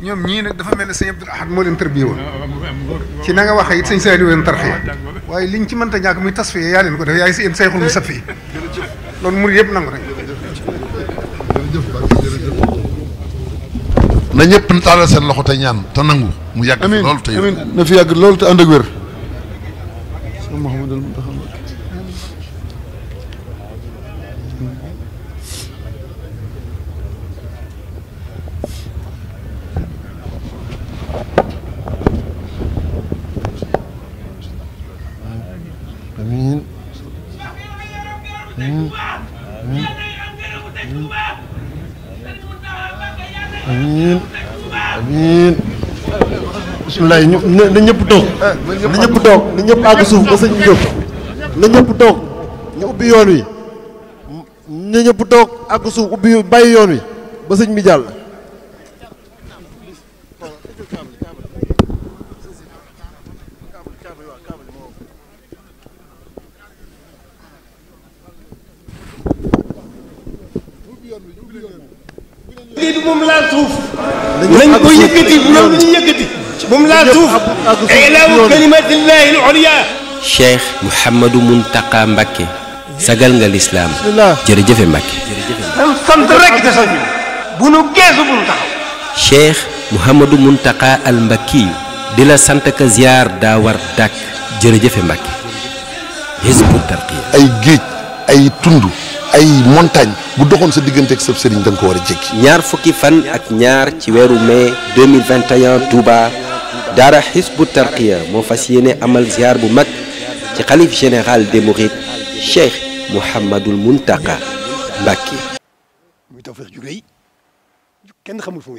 ñoom ñii nag dafa mel ne sëñ Abdoul Ahad moo leen tërbiye woon ci na nga waxee it sëñ Saliou leen tarxee waaye liñ ci mënta ñàkk muy tas fee yaa leen ko def yaay seen sayxul mu safi loolu murid yëpp nangu nañ na ñëpp na taalal seen loxo te ñaan te nangu mu yàgg loolu te amiin fi yàgg loolu te ànd ak wér amiin bisimilah ñu na ñëpp toog na ñëpp toog na ñëpp àgg suuf ba sëñ bi jóg na ñëpp toog ñu ubbi yoon wi na ñëpp toog àgg suuf ubbi bàyyi yoon wi ba sëñ bi jàll liggéey bi moom al-ulya. Cheikh Mouhamadou Mountakha Mbacké. sagal nga lislaam. jërëjëf Mbacké. nañ sant rek te soññu. bu nu geesu bu al Mbacké di sant ka ziar daa war dàkk. ay géej ay tund. ay montagne bu doxoon sa diggante ak sëb sëriñ da nga ko war a ñaar fukki fan ak ñaar ci weeru mai 2021 Touba daara Hizbut Tarqiyyah moo fas yéene amal ziar bu mag ci xalif général des Mourides Cheikh Mouhamadul Mountakha Mbacké. muy tawfeex ju rëy kenn xamul fu